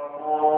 Oh.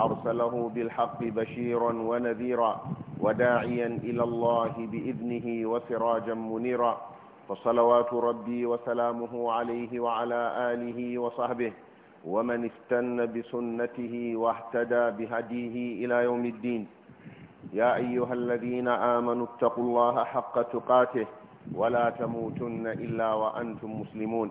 أرسله بالحق بشيرا ونذيرا وداعيا إلى الله بإذنه وسراجا منيرا فصلوات ربي وسلامه عليه وعلى آله وصحبه ومن استن بسنته واهتدى بهديه إلى يوم الدين يا أيها الذين آمنوا اتقوا الله حق تقاته ولا تموتن إلا وأنتم مسلمون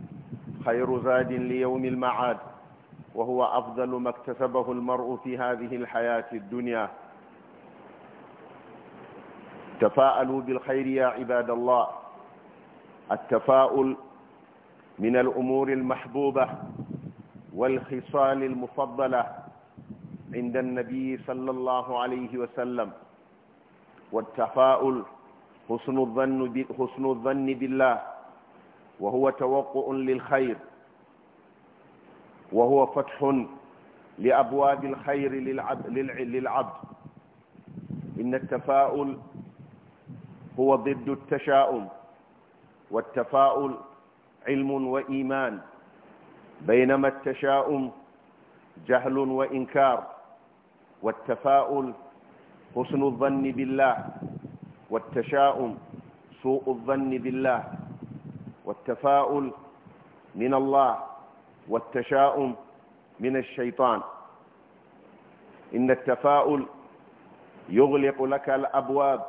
خير زاد ليوم المعاد وهو أفضل ما اكتسبه المرء في هذه الحياة الدنيا تفاءلوا بالخير يا عباد الله التفاؤل من الأمور المحبوبة والخصال المفضلة عند النبي صلى الله عليه وسلم والتفاؤل حسن الظن, حسن الظن بالله وهو توقع للخير وهو فتح لأبواب الخير للعبد إن التفاؤل هو ضد التشاؤم والتفاؤل علم وإيمان بينما التشاؤم جهل وإنكار والتفاؤل حسن الظن بالله والتشاؤم سوء الظن بالله والتفاؤل من الله والتشاؤم من الشيطان إن التفاؤل يغلق لك الأبواب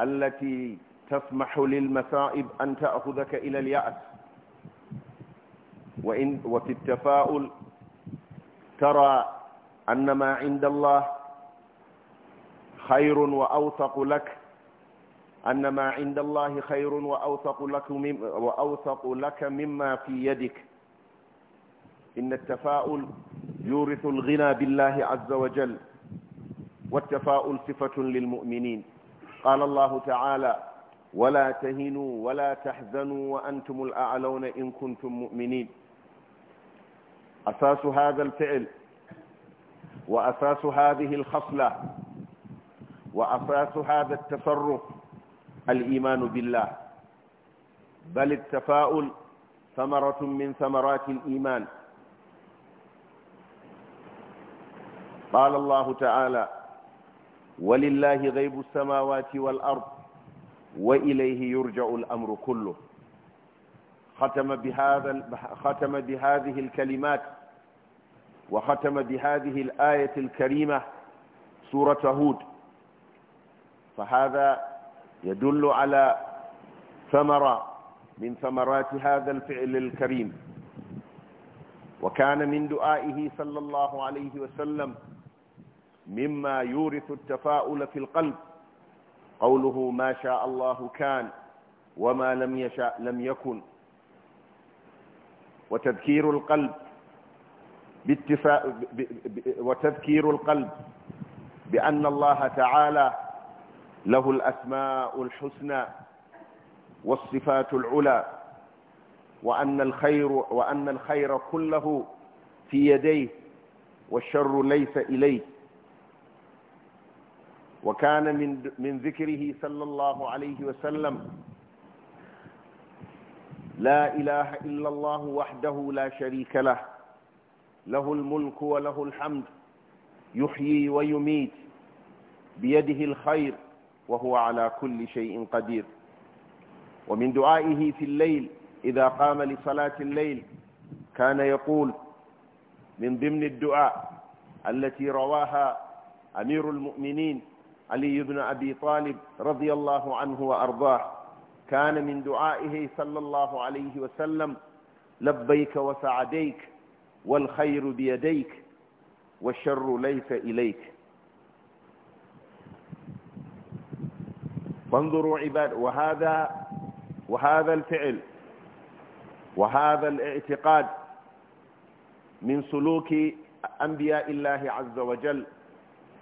التي تسمح للمصائب أن تأخذك إلى اليأس وإن وفي التفاؤل ترى أن ما عند الله خير وأوثق لك أن ما عند الله خير وأوثق لك, مم وأوثق لك مما في يدك إن التفاؤل يورث الغنى بالله عز وجل والتفاؤل صفة للمؤمنين قال الله تعالى ولا تهنوا ولا تحزنوا وأنتم الأعلون إن كنتم مؤمنين أساس هذا الفعل وأساس هذه الخصلة وأساس هذا التصرف الإيمان بالله بل التفاؤل ثمرة من ثمرات الإيمان قال الله تعالى ولله غيب السماوات والأرض وإليه يرجع الأمر كله ختم بهذا ختم بهذه الكلمات وختم بهذه الآية الكريمة سورة هود فهذا يدل على ثمرة من ثمرات هذا الفعل الكريم وكان من دعائه صلى الله عليه وسلم مما يورث التفاؤل في القلب قوله ما شاء الله كان وما لم يشاء لم يكن وتذكير القلب وتذكير القلب بأن الله تعالى له الأسماء الحسنى والصفات العلى وأن الخير, وأن الخير كله في يديه والشر ليس إليه وكان من, من ذكره صلى الله عليه وسلم لا إله إلا الله وحده لا شريك له له الملك وله الحمد يحيي ويميت بيده الخير وهو على كل شيء قدير ومن دعائه في الليل إذا قام لصلاة الليل كان يقول من ضمن الدعاء التي رواها أمير المؤمنين علي بن أبي طالب رضي الله عنه وأرضاه كان من دعائه صلى الله عليه وسلم لبيك وسعديك والخير بيديك والشر ليس إليك فانظروا عباد وهذا وهذا الفعل وهذا الاعتقاد من سلوك أنبياء الله عز وجل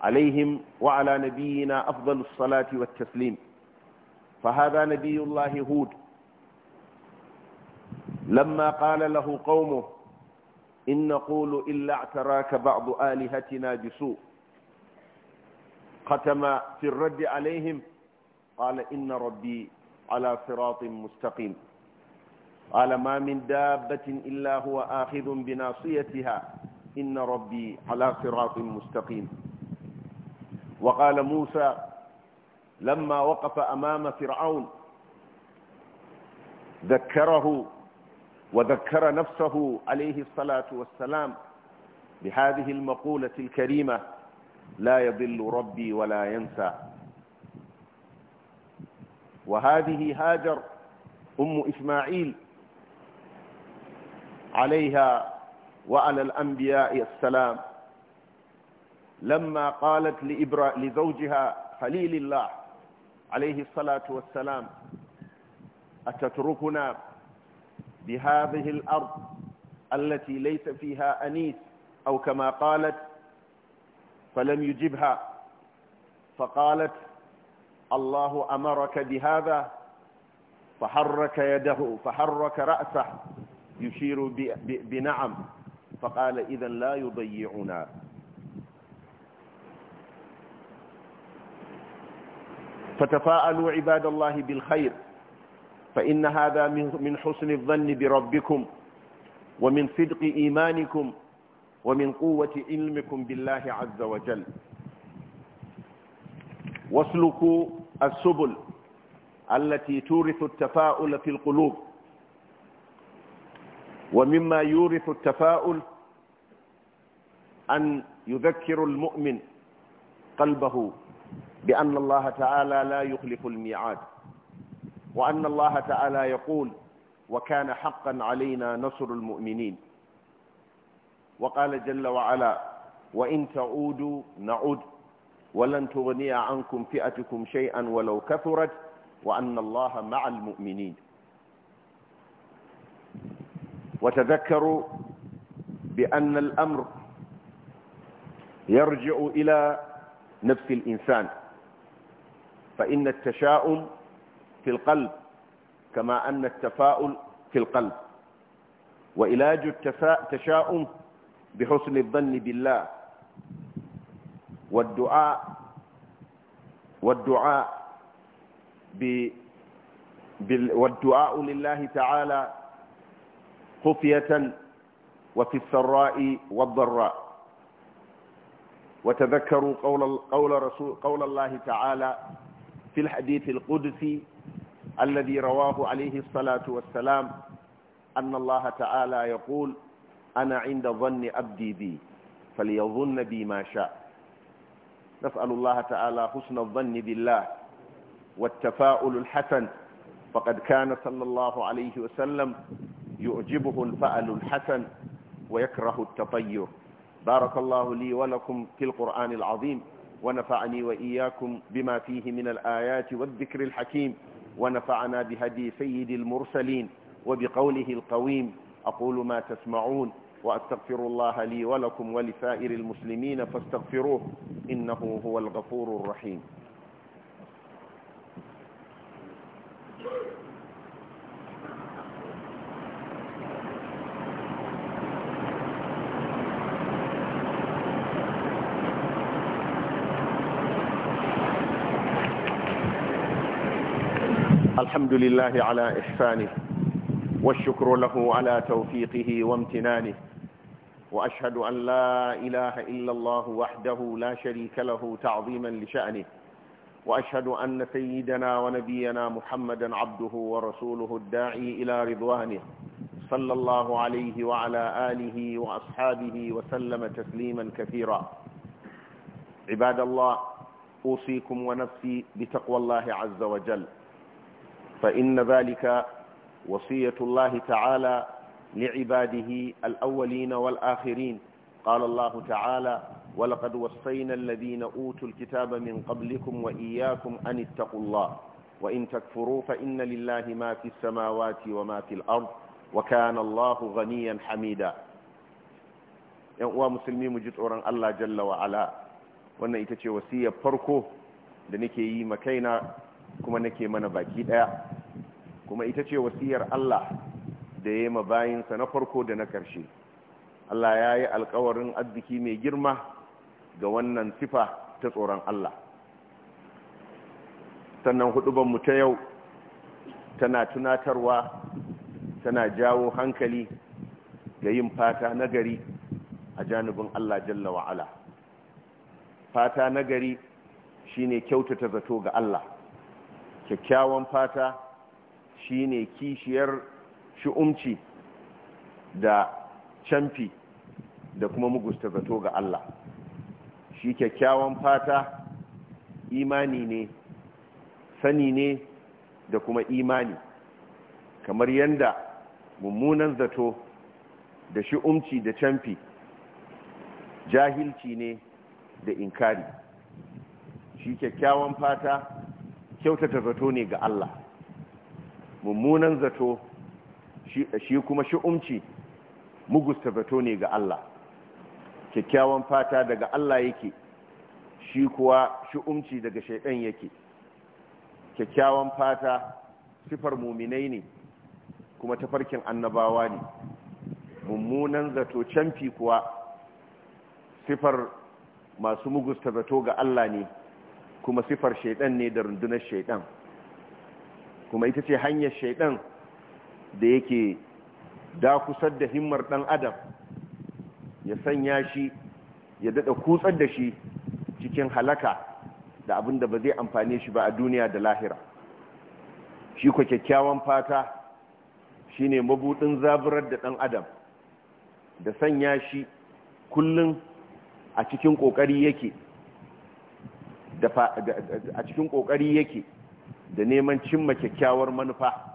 عليهم وعلى نبينا أفضل الصلاة والتسليم فهذا نبي الله هود لما قال له قومه إن نقول إلا اعتراك بعض آلهتنا بسوء ختم في الرد عليهم قال إن ربي على صراط مستقيم قال ما من دابة إلا هو آخذ بناصيتها إن ربي على صراط مستقيم وقال موسى لما وقف أمام فرعون ذكره وذكر نفسه عليه الصلاة والسلام بهذه المقولة الكريمة لا يضل ربي ولا ينسى وهذه هاجر أم إسماعيل عليها وعلى الأنبياء السلام لما قالت لإبرا لزوجها خليل الله عليه الصلاة والسلام أتتركنا بهذه الأرض التي ليس فيها أنيس أو كما قالت فلم يجبها فقالت الله أمرك بهذا فحرك يده فحرك رأسه يشير بنعم فقال إذا لا يضيعنا فتفاءلوا عباد الله بالخير فإن هذا من حسن الظن بربكم ومن صدق إيمانكم ومن قوة علمكم بالله عز وجل واسلكوا السبل التي تورث التفاؤل في القلوب ومما يورث التفاؤل أن يذكر المؤمن قلبه بأن الله تعالى لا يخلف الميعاد وأن الله تعالى يقول وكان حقا علينا نصر المؤمنين وقال جل وعلا وإن تعودوا نعود ولن تغني عنكم فئتكم شيئا ولو كثرت وأن الله مع المؤمنين وتذكروا بأن الأمر يرجع إلى نفس الإنسان فإن التشاؤم في القلب كما أن التفاؤل في القلب وعلاج التشاؤم بحسن الظن بالله والدعاء والدعاء ب والدعاء لله تعالى خفية وفي السراء والضراء وتذكروا قول قول رسول قول الله تعالى في الحديث القدسي الذي رواه عليه الصلاة والسلام أن الله تعالى يقول أنا عند ظن أبدي بي فليظن بي ما شاء نسأل الله تعالى حسن الظن بالله والتفاؤل الحسن فقد كان صلى الله عليه وسلم يعجبه الفأل الحسن ويكره التطير بارك الله لي ولكم في القرآن العظيم ونفعني وإياكم بما فيه من الآيات والذكر الحكيم ونفعنا بهدي سيد المرسلين وبقوله القويم أقول ما تسمعون وأستغفر الله لي ولكم ولسائر المسلمين فاستغفروه إنه هو الغفور الرحيم الحمد لله على إحسانه والشكر له على توفيقه وامتنانه وأشهد أن لا إله إلا الله وحده لا شريك له تعظيما لشأنه وأشهد أن سيدنا ونبينا محمدا عبده ورسوله الداعي إلى رضوانه صلى الله عليه وعلى آله وأصحابه وسلم تسليما كثيرا عباد الله أوصيكم ونفسي بتقوى الله عز وجل فإن ذلك وصية الله تعالى لعباده الأولين والآخرين قال الله تعالى ولقد وصينا الذين أوتوا الكتاب من قبلكم وإياكم أن اتقوا الله وإن تكفروا فإن لله ما في السماوات وما في الأرض وكان الله غنيا حميدا ينقوى مسلمي مجد أوران الله جل وعلا وانا إتتي وسيا فرقه لنكي يما كينا كما نكي من باكيدا كما إتتي وسيا الله da ya yi bayinsa na farko da na ƙarshe Allah ya yi alkawarin arziki mai girma ga wannan sifa ta tsoron Allah sannan mu ta yau tana tunatarwa tana jawo hankali ga yin fata nagari a janibin Allah jalla wa'ala fata nagari shine kyautata zato ga Allah kyakkyawan fata shine kishiyar shi'umci da canfi da kuma mugusta zato ga Allah shi kyakkyawan fata imani ne sani ne da kuma imani kamar yadda mummunan zato da shi'umci da canfi jahilci ne da inkari shi kyakkyawan fata kyautata zato ne ga Allah mummunan zato shi kuma shi'umci mugusta zato ne ga Allah kyakkyawan fata daga Allah yake shi kuwa shi'umci daga shaidan yake kyakkyawan fata sifar muminai ne kuma tafarkin annabawa ne mummunan zato canfi kuwa sifar masu mugusta zato ga Allah ne kuma sifar shaidan ne da rundunar shaidan kuma ita ce hanyar shaidan da yake dakusar da himmar ɗan adam ya sanya shi ya daɗa kutsar da shi cikin halaka da abin da ba zai amfani shi ba a duniya da lahira shi ko kyakkyawan fata shi ne mabuɗin zaburar da ɗan adam da sanya shi kullum a cikin ƙoƙari yake a cikin ƙoƙari yake da neman cimma kyakkyawar manufa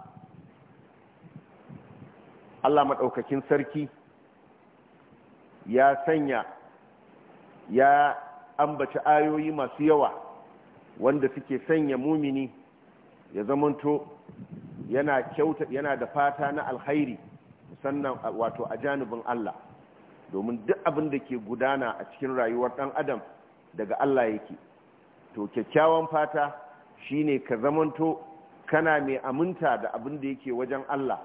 Allah maɗaukakin sarki ya sanya ya ambaci ayoyi masu yawa wanda suke sanya mumini ya zamanto yana kyauta yana da fata na alkhairi sannan wato a janibin Allah domin duk abin da ke gudana a cikin rayuwar ɗan adam daga Allah yake to kyakkyawan fata shine ka zamanto kana mai aminta da abin da yake wajen Allah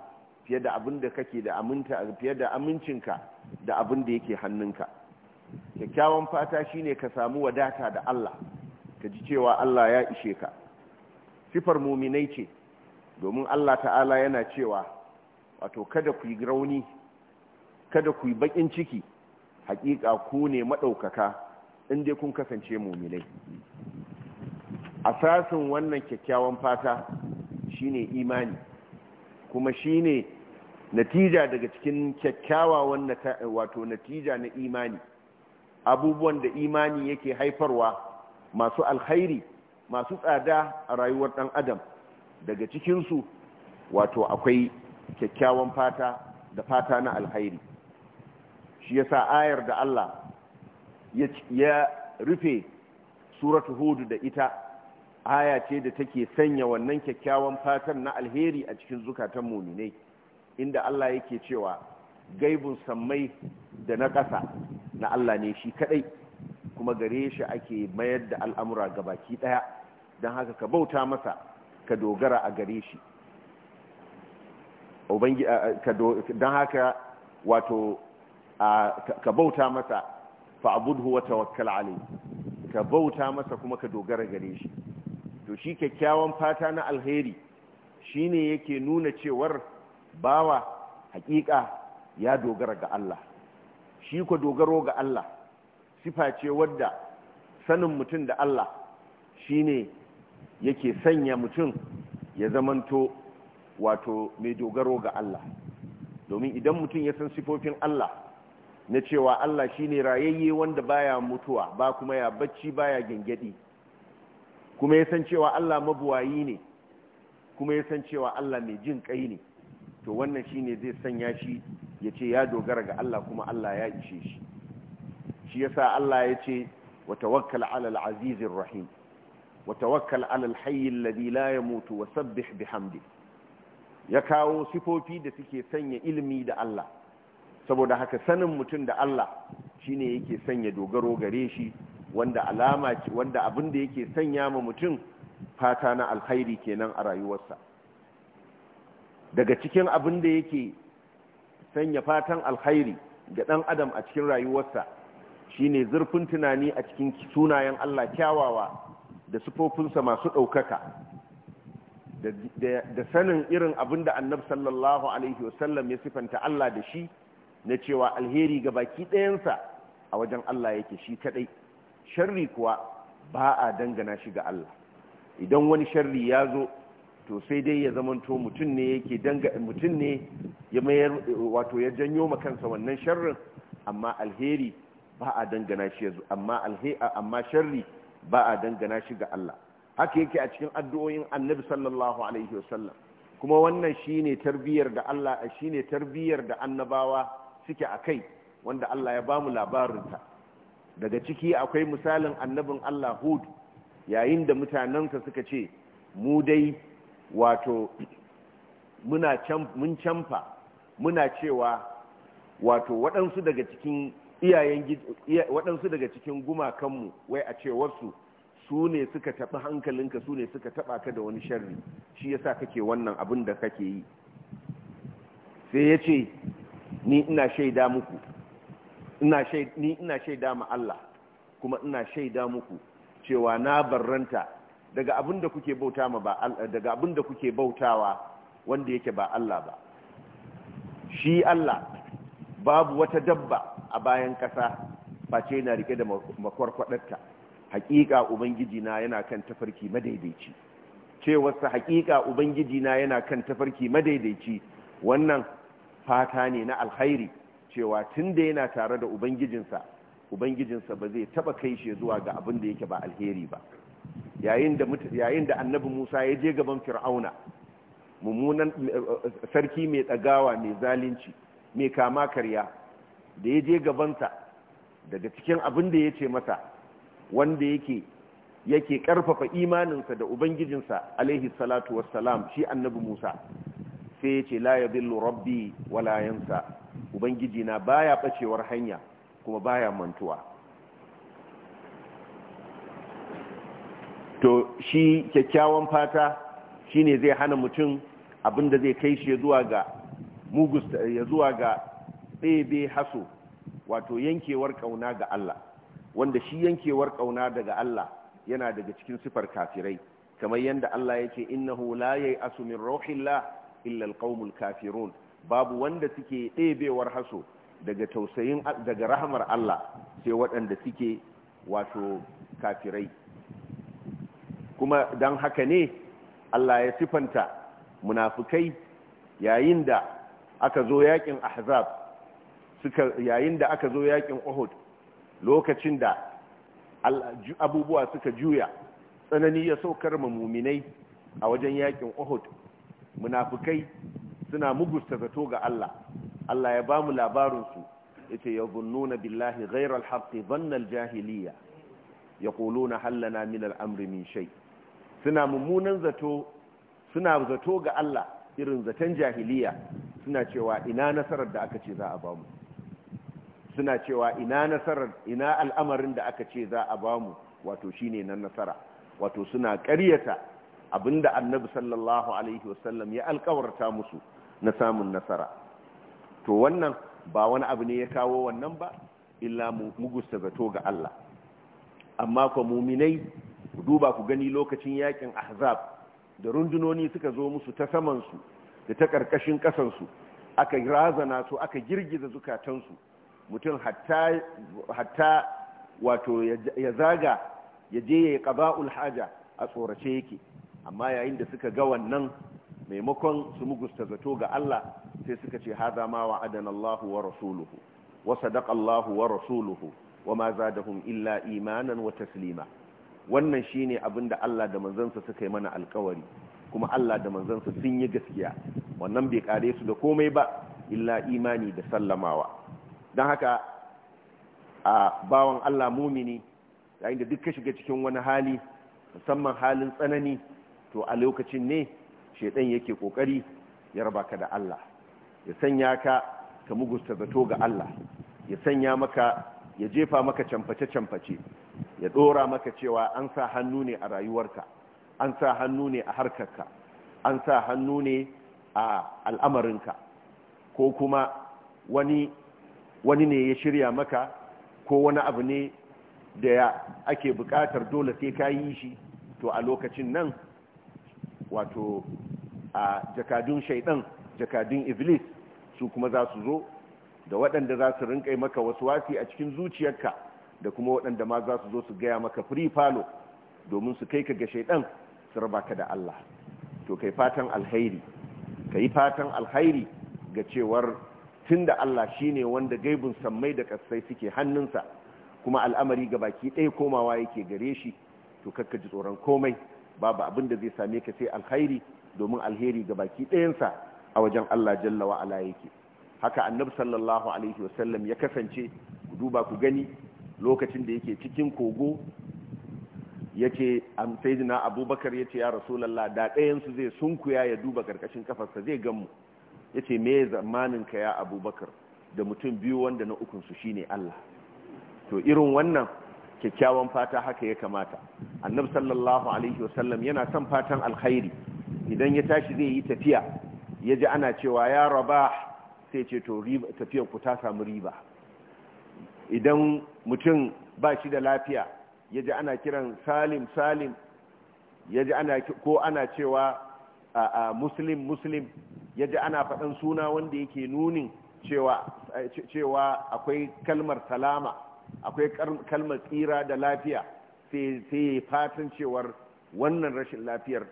fiye da abin da kake da aminta fiye da amincinka da abin da yake hannunka kyakkyawan fata shi ne ka samu wadata da Allah ka ji cewa Allah ya ishe ka sifar muminai ce domin Allah ta'ala yana cewa wato kada ku yi rauni kada ku yi bakin ciki haƙiƙa ku ne madaukaka in dai kun kasance muminai asasin wannan kyakkyawan fata shine imani kuma shi ne natija daga cikin kyakkyawa, wato natija na imani abubuwan da imani yake haifarwa masu alkhairi masu tsada a rayuwar ɗan adam daga cikinsu wato akwai kyakkyawan fata da fata na alkhairi shi yasa ayar da Allah ya rufe suratu hudu da ita aya ce da take sanya wannan kyakkyawan fatan na alheri a cikin zukatan muminai inda Allah yake cewa gaibun sammai da na ƙasa na Allah ne shi kadai kuma gare shi ake mayar da al'amura ga baki ɗaya don haka ka bauta masa ka dogara a gare shi don haka wato ka bauta masa wa tawakkal alayhi ka bauta masa kuma ka dogara gare shi to shi kyakkyawan fata na alheri shine yake nuna cewar bawa hakika ya dogara ga Allah shi ko dogaro ga Allah sifa ce wadda sanin mutum da Allah shine yake sanya mutum ya zamanto wato mai dogaro ga Allah domin idan mutum ya san sifofin Allah na cewa Allah shine rayayye wanda baya mutuwa ba kuma ya bacci baya gengedi kuma ya san cewa Allah mabuwayi ne kuma ya san cewa Allah mai jin kai ne to wannan shine zai sanya shi ya ce ya dogara ga Allah kuma Allah ya ishe shi shi yasa Allah ya ce wa tawakkal ala al rahim wa tawakkal ala al-hayy alladhi la yamutu wa sabbih bihamdi ya kawo sifofi da suke sanya ilimi da Allah saboda haka sanin mutum da Allah shi ne yake sanya dogaro gare shi wanda alama ce wanda abin da yake sanya ma mutum fata na alkhairi kenan a rayuwarsa daga cikin abin da yake sanya fatan alkhairi ga ɗan adam a cikin rayuwarsa shine zurfin tunani a cikin sunayen Allah kyawawa da sufofinsa masu ɗaukaka da sanin irin abin da annab sallallahu alaihi wasallam ya sifanta Allah da shi na cewa alheri ga baki ɗayansa a wajen Allah yake shi kaɗai sharri kuwa ba a dangana shi ga Allah idan wani sharri ya zo to sai dai ya zamanto mutum ne yake danga mutum ne ya mayar wato ya janyo ma kansa wannan sharrin amma alheri ba a dangana shi amma alheri amma sharri ba a dangana shi ga Allah haka yake a cikin addu'o'in Annabi sallallahu alaihi wasallam kuma wannan shine tarbiyar da Allah shine tarbiyar da annabawa suke akai wanda Allah ya bamu ta. daga ciki akwai misalin annabin Allah Hud yayin da mutanensa suka ce mu dai wato muna mun camfa muna cewa wato waɗansu daga cikin iyayen waɗansu daga cikin gumakanmu wai a cewarsu su ne suka taɓi hankalinka su ne suka taɓa ka da wani sharri shi yasa kake wannan abin da kake yi sai ya ce ni ina shaida muku ni ina shaida ma Allah kuma ina shaida muku cewa na barranta daga da kuke bauta ma ba daga da kuke bautawa wanda yake ba Allah ba shi Allah babu wata dabba a bayan ƙasa face yana rike da makwarkwadarta hakika ubangiji na yana kan tafarki madaidaici cewarsa hakika ubangiji na yana kan tafarki madaidaici wannan fata ne na alkhairi cewa tun da yana tare da ubangijinsa ubangijinsa ba zai taba kai shi zuwa ga abin da yake ba alheri ba yayin da annabi musa ya je gaban fir'auna mummunan eh, sarki mai tsagawa mai zalunci mai kama karya da ya je gabansa daga cikin abin da ya ce masa wanda yake yake karfafa imaninsa da ubangijinsa alaihi salatu wassalam shi annabi musa sai ya ce la ya billu rabbi wala ubangiji na baya bacewar hanya kuma baya mantuwa to shi kyakkyawan fata shine zai hana mutum abinda zai kai shi zuwa ga mugus ya zuwa ga ɗebe haso wato yankewar kauna ga Allah wanda shi yankewar kauna daga Allah yana daga cikin sifar kafirai kamar yadda Allah ya ce innahu la asumin min rauhillah illa alqaumul kafirun babu wanda suke ɗebewar haso daga tausayin daga rahamar Allah sai waɗanda suke wato kafirai kuma don haka ne Allah ya sifanta munafukai yayin da aka zo yakin ahzab suka yayin da aka zo yakin uhud lokacin da abubuwa suka juya tsanani ya saukar ma muminai a wajen yakin uhud munafukai suna mugusta zato ga Allah Allah ya bamu labarin su ya yazunnuna billahi ghayra al-haqqi dhanna al-jahiliya yaquluna hal lana min al-amri min shai. suna mummunan zato suna zato ga Allah irin zaton jahiliya suna cewa ina nasarar da aka ce za a bamu suna cewa ina nasarar ina al'amarin da aka ce za a bamu wato shine na nasara wato suna ƙaryata abinda annabi sallallahu alaihi wasallam ya alƙawarta musu na samun nasara to wannan ba wani abu ne ya kawo wannan ba illa mugusta zato ga Allah amma ku muminai duba ku gani lokacin yakin ahzab da rundunoni suka zo musu ta samansu da ta ƙarƙashin ƙasansu aka razana su aka girgiza zukatansu mutum hatta wato ya zaga ya je ya yi ƙaba'ul haja a tsorace yake amma yayin da suka ga wannan maimakon su mugusta zato ga Allah sai suka ce hada ma adana Allah wa rasuluhu wa sadaqa Allah wa rasuluhu wa ma zadahum illa imanan wa taslima wannan shine abin da Allah da manzansa suka yi mana alkawari kuma Allah da manzansa sun yi gaskiya wannan bai kare su da komai ba illa imani da sallamawa dan haka a bawan Allah mumini yayin da duk ka shiga cikin wani hali musamman halin tsanani to a lokacin ne shaidan yake kokari ya raba ka da Allah ya sanya ka ka mugusta zato ga Allah ya sanya maka ya jefa maka camface-camface ya dora maka cewa an sa hannu ne a rayuwarka an sa hannu ne a harkarka an sa hannu ne a al'amarinka ko kuma wani wani ne ya shirya maka ko wani abu ne da ake bukatar dole sai ka yi shi to a lokacin nan wato a jakadun shaidan jakadun iblis su kuma za su zo da waɗanda za su rinƙai maka wasu wasi a cikin zuciyarka da kuma waɗanda ma za su zo su gaya maka free falo domin su kai ka ga shaidan su raba ka da Allah to kai fatan alhairi kai fatan alhairi ga cewar tunda Allah shine wanda gaibun sammai da kasai suke hannunsa kuma al'amari ga baki ɗaya komawa yake gare shi to kakka ji tsoron komai babu abin da zai same ka sai alkhairi domin alheri ga baki ɗayansa a wajen Allah jalla wa ala yake haka annabi sallallahu alaihi wasallam ya kasance ku duba ku gani lokacin da yake cikin kogo yace am sayyidina abubakar yace ya rasulullah da ɗayansu zai sunkuya ya duba karkashin kafarsa zai gan mu yace me zamanin ka ya abubakar da mutum biyu wanda na ukunsu shine Allah to irin wannan kyakkyawan fata haka ya kamata annabi sallallahu alaihi wasallam yana son fatan alkhairi idan ya tashi zai yi tafiya ya ji ana cewa ya raba sai ce to tafiyar ku ta samu riba idan mutum ba shi da lafiya ya ana kiran salim salim ya ana ko ana cewa a muslim muslim ya ji ana faɗan suna wanda yake nunin cewa akwai kalmar salama akwai kalmar tsira da lafiya sai fatan cewar wannan rashin lafiyar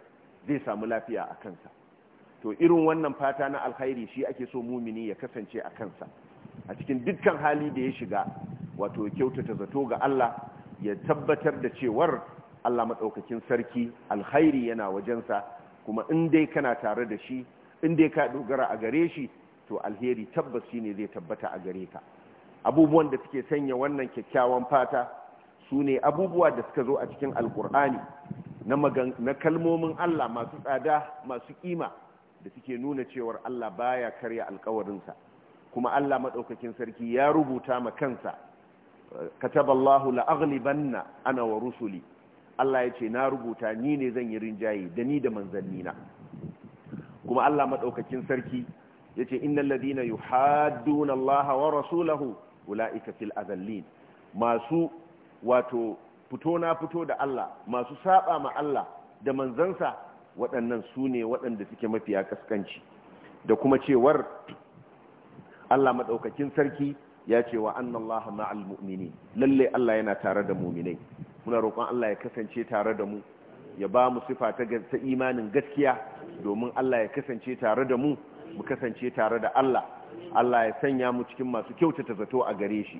zai samu lafiya a kansa to irin wannan fata na alkhairi shi ake so mumini ya kasance a kansa a cikin dukkan hali da ya shiga wato kyautata zato ga Allah ya tabbatar da cewar Allah maɗaukakin sarki alkhairi yana wajensa kuma in dai kana tare da shi in dai ka dogara a gare shi to alheri tabbas shi ne zai tabbata a gare ka abubuwan da suke sanya wannan kyakkyawan fata su ne abubuwa da suka zo a cikin alkur'ani na kalmomin Allah masu tsada masu kima da suke nuna cewar Allah baya karya alkawarinsa kuma Allah maɗaukakin sarki ya rubuta ma kansa kataballahu la'aghlibanna ana wa rusuli Allah ya ce na rubuta ni ne zan yi rinjaye da ni da manzannina kuma Allah maɗaukakin sarki ya ce inna ladina yuhadduna Allah wa rasulahu ula'ika fil azallin masu wato fito na fito da Allah masu saba ma Allah da manzansa waɗannan su ne waɗanda suke mafiya kaskanci da kuma cewar Allah maɗaukakin sarki ya ce wa annan Allah ma'al mu'mini lalle Allah yana tare da mu'minai muna roƙon Allah ya kasance tare da mu ya ba mu sifa ta imanin gaskiya domin Allah ya kasance tare da mu mu kasance tare da Allah Allah ya sanya mu cikin masu kyautata zato a gare shi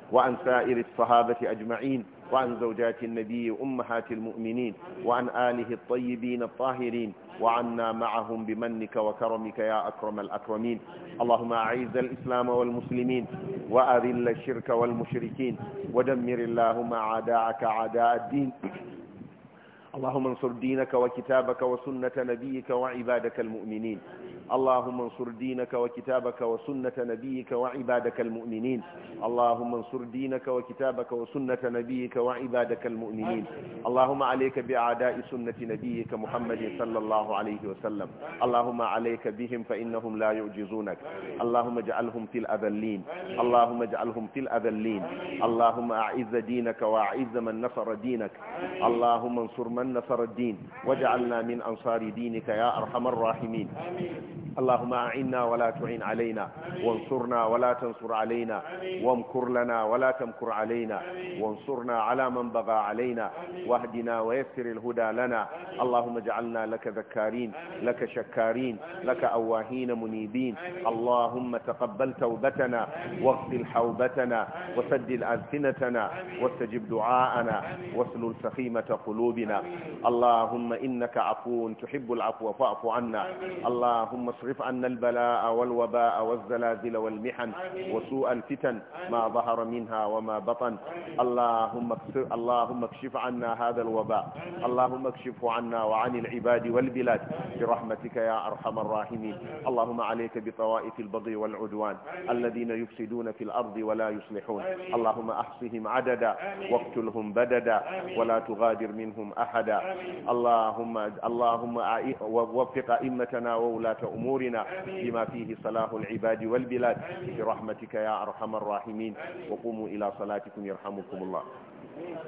وعن سائر الصحابة أجمعين وعن زوجات النبي أمهات المؤمنين وعن آله الطيبين الطاهرين وعنا معهم بمنك وكرمك يا أكرم الأكرمين اللهم أعز الإسلام والمسلمين وأذل الشرك والمشركين ودمر اللهم عداءك عداء الدين اللهم انصر دينك وكتابك وسنة نبيك وعبادك المؤمنين اللهم انصر دينك وكتابك وسنة نبيك وعبادك المؤمنين اللهم انصر دينك وكتابك وسنة نبيك وعبادك المؤمنين اللهم عليك بأعداء سنة نبيك محمد صلى الله عليه وسلم اللهم عليك بهم فإنهم لا يعجزونك اللهم اجعلهم في الأذلين اللهم اجعلهم في الأذلين اللهم أعز دينك وأعز من نصر دينك اللهم انصر من من نصر الدين واجعلنا من أنصار دينك يا أرحم الراحمين اللهم أعنا ولا تعين علينا وانصرنا ولا تنصر علينا وامكر لنا ولا تمكر علينا وانصرنا على من بغى علينا واهدنا ويسر الهدى لنا اللهم اجعلنا لك ذكارين لك شكارين لك أواهين منيبين اللهم تقبل توبتنا واغسل حوبتنا وسدل ألسنتنا واستجب دعاءنا واسلل سخيمة قلوبنا اللهم إنك عفو تحب العفو فاعف عنا اللهم اصرف عنا البلاء والوباء والزلازل والمحن وسوء الفتن ما ظهر منها وما بطن اللهم اللهم اكشف عنا هذا الوباء اللهم اكشفه عنا وعن العباد والبلاد برحمتك يا أرحم الراحمين اللهم عليك بطوائف البغي والعدوان الذين يفسدون في الأرض ولا يصلحون اللهم أحصهم عددا واقتلهم بددا ولا تغادر منهم أحدا أحدا اللهم اللهم وفق أئمتنا وولاة أمورنا لما فيه صلاح العباد والبلاد برحمتك يا أرحم الراحمين وقوموا إلى صلاتكم يرحمكم الله